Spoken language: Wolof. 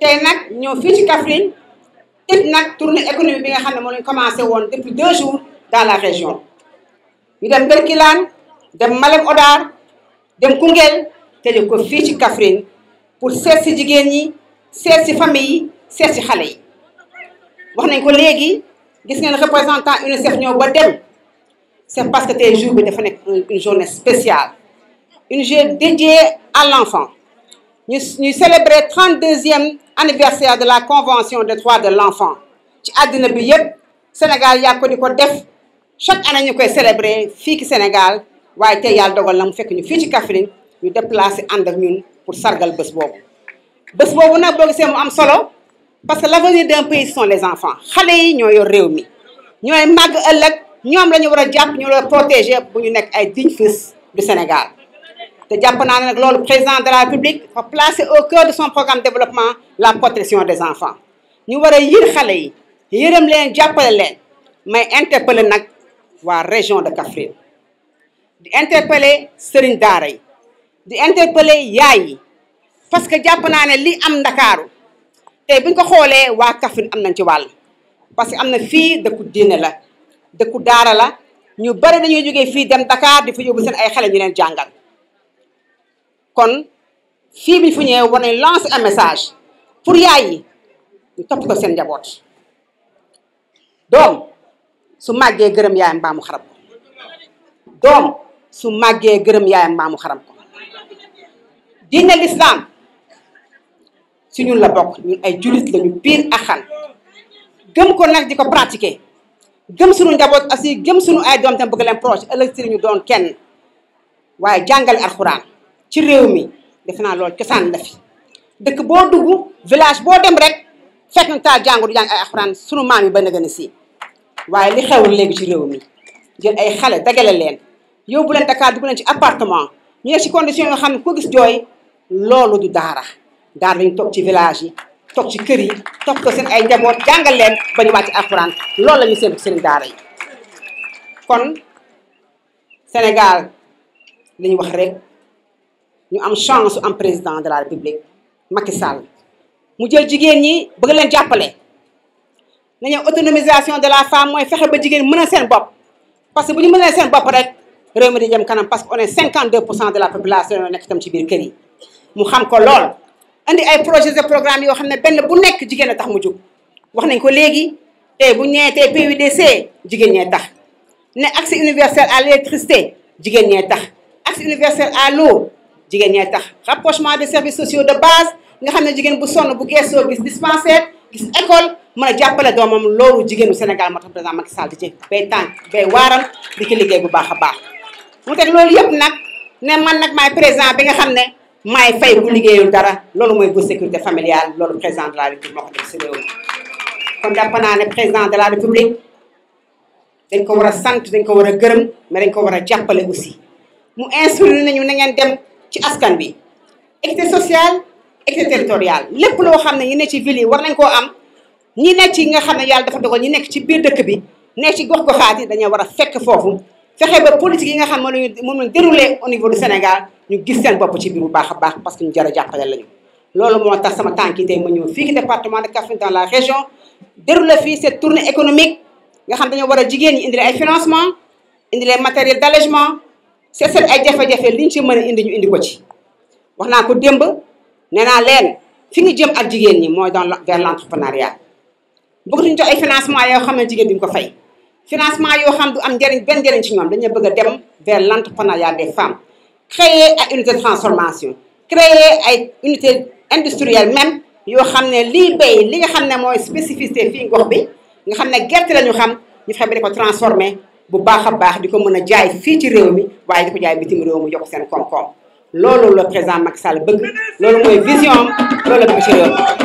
te nag ñoo fii ci Kaffrine tëj nag tournée économique bi nga xam ne moo lañ commencé woon depuis deux jours dans la région ñu dem Berkilane dem Malem Hodar dem te tëjee ko fii ci Kaffrine pour seet si jigéen ñi seet si famille yi seet si xale yi wax nañ ko léegi gis ngeen représentant UNICEF ñoo ba dem c'est parce que tey jour bi dafa nekk une journée spéciale une journée dédiée à l'enfant ñu ñu célébrer trente deuxième anniversaire de la convention des droits de l'enfant ci addina bi yëpp Sénégal yàgg ko di ko def chaque année ñu koy célébrer fii ci Sénégal waaye tey yàlla dogal na mu fekk ñu fii ci Kaffrine ñu déplacé ànd ak ñun pour sargal bés boobu. bés boobu nag boo gisee mu am solo parce que l'avenir d'un pays ce sont les enfants xale yi ñoo yor réew mi ñooy màgg ëllëg ñoom la ñu a jàpp ñu war a protéger bu ñu nekk ay dignes fils du Sénégal. te jàpp naa ne nag loolu président de la République dafa placer au cœur de son programme de développement la protection des enfants ñu war a yir xale yi yërëm leen jàppale leen may interpeller nag waa région de Kaffrine di interpeller sëriñ daara yi di interpeller yaay yi parce que jàpp naa ne li am ndakaaru te buñ ko xoolee waa Kaffrine am nañ ci wàll parce que am na fii dëkku diine la dëkku daara la ñu bari dañuy jógee fii dem Dakar di fa yóbbu seen ay xale ñu leen jàngal kon fii bi fu ñëwee war nañ a message pour yaay yi ñu topp ko seen njaboot doom su màggee gërëm yaayam mbaa mu xarab ko doom su màggee gërëm yaayam mbaa mu ko diine lislaam si ñun la bokk ñu ay jullit lañu biir ak xal gëm ko nag di ko pratiquer gëm sunu njaboot aussi gëm suñu ay doom tam bëgg leen proche ëllëg si ñu doon kenn waaye jàngale alxuraan ci réew mi defe naa loolu cosaan la dëkk boo dugg village boo dem rek fekk na taal jàngu du jàng ay alxuraan sunu maam yi ba na gën si waaye li xew léegi ci réew mi jël ay xale dagale leen yóbbu leen Dakar dugg leen ci appartement ñu ci condition yoo xam koo gis jooy loolu du daara daara lañu toog ci village yi toog ci kër yi toog ko seen ay njaboot jàngal leen ba ñu wàcc alxuraan loolu la ñu seen seen daara yi kon Sénégal li wax rek ñu am chance am président de la république Macky Sall mu jël jigéen ñi bëgg leen jàppale nañu autonomisation de la femme mooy fexe ba jigéen mën a seen bopp parce que bu ñu mënee seen bopp rek réew di jëm kanam parce que on est 52 pour cent de la population nekk itam ci biir kër yi mu xam ko lool. andi ay projet de programme yoo xam ne benn bu nekk jigéen a tax mu jóg wax nañ ko léegi tey bu ñu nee tey PUDC jigéen ñee tax ne accès universel à l'électricité jigéen ñee tax accès universel à l'eau jigéen ñay tax rapprochement des services sociaux de base nga xam ne jigéen bu sonn bu geesoo gis dispensaire gis école mën a jàppale doomam loolu jigéenu Sénégal moo tax président Macky Sall di ci bay tànk bay waaram di liggéey bu baax a baax mu teg loolu yëpp nag ne man nag maay président bi nga xam ne maay fay bu liggéeyul dara loolu mooy bu sécurité familiale loolu président de la république moo ko naa de la république dañ ko war a sant dañ ko war a gërëm mais dañ ko war a jàppale aussi mu ci askan bi équité sociale équité territoriale lépp loo xam ne ñi ne ci ville yi war nañ koo am ñi ne ci nga xam ne yàlla dafa dogal ñi nekk ci biir dëkk bi nekk ci gox goxaat yi dañoo war a fekk foofu fexe ba politique yi nga xam moom lañu moom lañu déroulé au niveau du Sénégal ñu gis seen bopp ci biir bu baax a baax parce que ñu jar jàppale lañu loolu moo tax sama tànk yi tey ma ñëw fii ci département de Kaffrine dans la région déroulé fii cette tournée économique nga xam dañoo war a jigéen ñi indi ay financement indi les matériel d' seet ay jafe-jafe liñ ci mën a indi ñu indi ko ci wax naa ko démb nee naa leen fi ñu jëm ak jigéen ñi mooy dans vers l'entrepreneuriat bëgg ñu jox ay financement yoo xam ne jigéen ñu ko fay financement yoo xam du am njëriñ benn njëriñ ci ñoom dañu bëgg a dem vers l'entrepreneuriat des femmes créer ay ay unité industrielle même yoo xam ne lii bay li nga xam ne mooy spécificité fii gox bi nga xam ne gerte la ñu xam ñu fexe ba di ko transformer bu baax a baax di ko mën a jaay fii ci réew mi waaye di ko jaay bitim réew mi yokk seen koom-koom loolu la président Macky Sall bëgg loolu mooy vision am loolu la bëgg